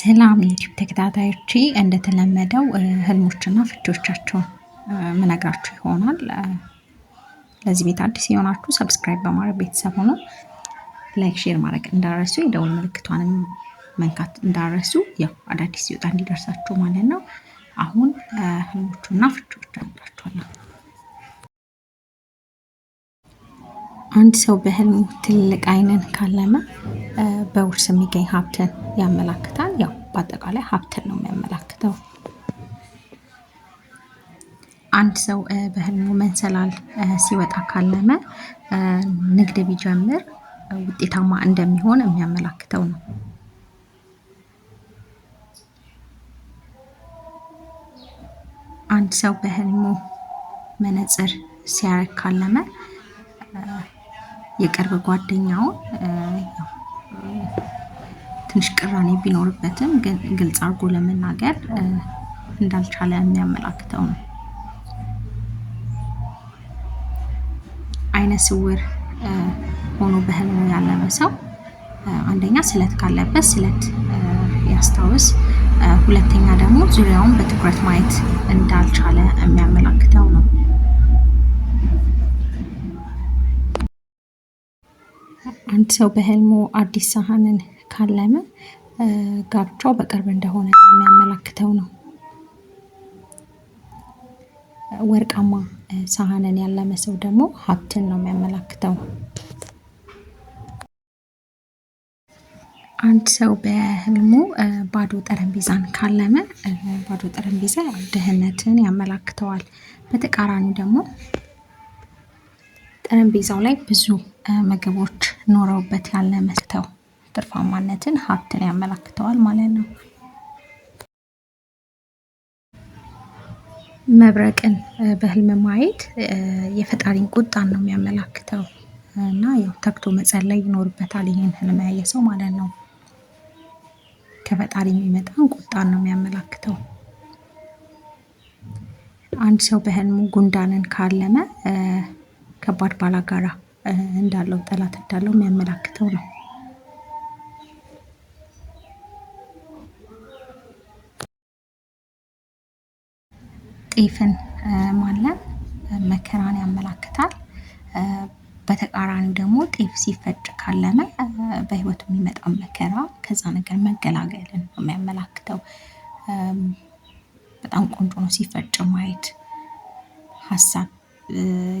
ሰላም የዩቲዩብ ተከታታዮቼ፣ እንደተለመደው ህልሞችና ፍቾቻቸውን ምነግራችሁ ይሆናል። ለዚህ ቤት አዲስ የሆናችሁ ሰብስክራይብ በማድረግ ቤተሰብ ሆኖ ላይክ፣ ሼር ማድረግ እንዳረሱ፣ የደውል ምልክቷንም መንካት እንዳረሱ፣ ያው አዳዲስ ሲወጣ እንዲደርሳችሁ ማለት ነው። አሁን ህልሞቹና ፍቾች አምላችኋለሁ። አንድ ሰው በህልሙ ትልቅ አይንን ካለመ በውርስ የሚገኝ ሀብትን ያመላክታል። ያው በአጠቃላይ ሀብትን ነው የሚያመላክተው። አንድ ሰው በህልሙ መንሰላል ሲወጣ ካለመ ንግድ ቢጀምር ውጤታማ እንደሚሆን የሚያመላክተው ነው። አንድ ሰው በህልሙ መነጽር ሲያረግ ካለመ የቅርብ ጓደኛውን ትንሽ ቅራኔ ቢኖርበትም ግልጽ አድርጎ ለመናገር እንዳልቻለ የሚያመላክተው ነው። አይነ ስውር ሆኖ በህልሙ ያለመ ሰው አንደኛ ስለት ካለበት ስለት ያስታውስ፣ ሁለተኛ ደግሞ ዙሪያውን በትኩረት ማየት እንዳልቻለ የሚያመላክተው ነው። አንድ ሰው በህልሙ አዲስ ሳህንን ካለመ ጋብቻው በቅርብ እንደሆነ የሚያመላክተው ነው። ወርቃማ ሳህንን ያለመ ሰው ደግሞ ሀብትን ነው የሚያመላክተው። አንድ ሰው በህልሙ ባዶ ጠረጴዛን ካለመ ባዶ ጠረጴዛ ድህነትን ያመላክተዋል። በተቃራኒ ደግሞ ጠረጴዛው ላይ ብዙ ምግቦች ኖረውበት ያለመ ሰው ትርፋማነትን፣ ሀብትን ያመላክተዋል ማለት ነው። መብረቅን በህልም ማየት የፈጣሪን ቁጣን ነው የሚያመላክተው እና ያው ተግቶ መጸለይ ይኖርበታል ይህን ህልም ያየ ሰው ማለት ነው። ከፈጣሪ የሚመጣን ቁጣን ነው የሚያመላክተው። አንድ ሰው በህልሙ ጉንዳንን ካለመ ከባድ ባላጋራ እንዳለው ጠላት እንዳለው የሚያመላክተው ነው። ጤፍን ማለም መከራን ያመላክታል። በተቃራኒ ደግሞ ጤፍ ሲፈጭ ካለመ በህይወቱ የሚመጣ መከራ ከዛ ነገር መገላገልን ነው የሚያመላክተው። በጣም ቆንጆ ነው ሲፈጭ ማየት። ሀሳብ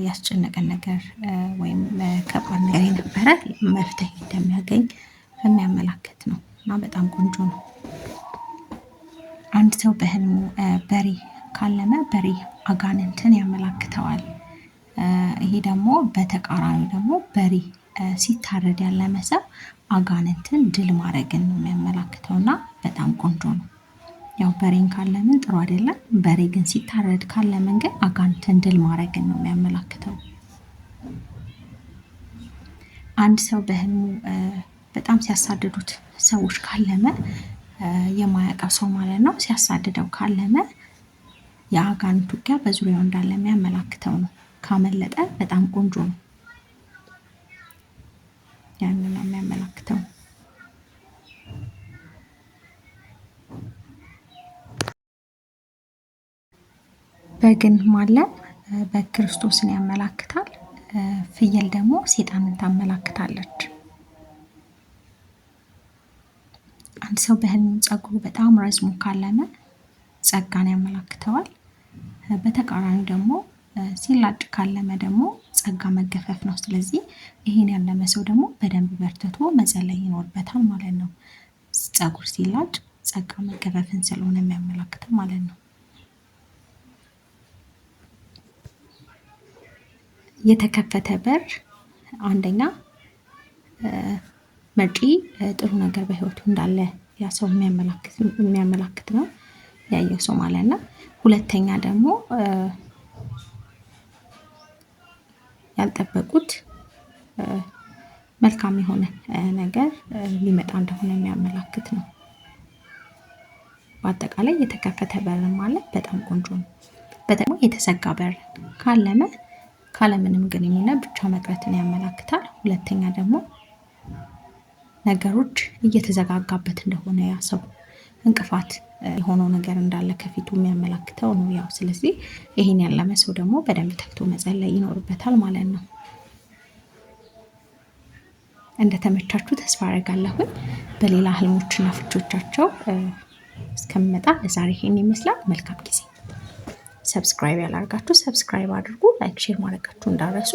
ያስጨነቀን ነገር ወይም ከባድ ነገር የነበረ መፍትሄ እንደሚያገኝ የሚያመላክት ነው እና በጣም ቆንጆ ነው። አንድ ሰው በህልሙ በሬ ካለመ በሬ አጋንንትን ያመላክተዋል። ይሄ ደግሞ በተቃራኒ ደግሞ በሬ ሲታረድ ያለመ ሰው አጋንንትን ድል ማድረግን ነው የሚያመላክተው እና በጣም ቆንጆ ነው። ያው በሬን ካለምን ጥሩ አይደለም። በሬ ግን ሲታረድ ካለምን ግን አጋንንትን ድል ማድረግን ነው የሚያመላክተው። አንድ ሰው በህልሙ በጣም ሲያሳድዱት ሰዎች ካለመ የማያውቀው ሰው ማለት ነው ሲያሳድደው ካለመ የአጋንንት ውጊያ በዙሪያው እንዳለ የሚያመላክተው ነው። ካመለጠ በጣም ቆንጆ ነው። ያን ነው የሚያመላክተው። በግን ማለም በክርስቶስን ያመላክታል። ፍየል ደግሞ ሴጣንን ታመላክታለች። አንድ ሰው በህልም ጸጉሩ በጣም ረዝሞ ካለመ ጸጋን ያመላክተዋል። በተቃራኒ ደግሞ ሲላጭ ካለመ ደግሞ ጸጋ መገፈፍ ነው። ስለዚህ ይሄን ያለመ ሰው ደግሞ በደንብ በርትቶ መጸለይ ይኖርበታል ማለት ነው። ጸጉር ሲላጭ ጸጋ መገፈፍን ስለሆነ የሚያመላክተው ማለት ነው። የተከፈተ በር አንደኛ መጪ ጥሩ ነገር በህይወቱ እንዳለ ያ ሰው የሚያመላክት ነው። ያየው ሰው ማለት ነው። ሁለተኛ ደግሞ ያልጠበቁት መልካም የሆነ ነገር ሊመጣ እንደሆነ የሚያመላክት ነው። በአጠቃላይ የተከፈተ በር ማለት በጣም ቆንጆ ነው። በተለይ የተዘጋ በር ካለመ ካለምንም ግንኙነት ብቻ መቅረትን ያመላክታል። ሁለተኛ ደግሞ ነገሮች እየተዘጋጋበት እንደሆነ ያ ሰው እንቅፋት የሆነው ነገር እንዳለ ከፊቱ የሚያመላክተው ነው። ያው ስለዚህ ይህን ያለመ ሰው ደግሞ በደንብ ተክቶ መጸለይ ይኖርበታል ማለት ነው። እንደተመቻችሁ ተስፋ አደርጋለሁኝ። በሌላ ህልሞችና ፍቾቻቸው እስከምመጣ ለዛሬ ይሄን ይመስላል። መልካም ጊዜ። ሰብስክራይብ ያላርጋችሁ ሰብስክራይብ አድርጉ። ላይክ ሼር ማድረጋችሁ እንዳረሱ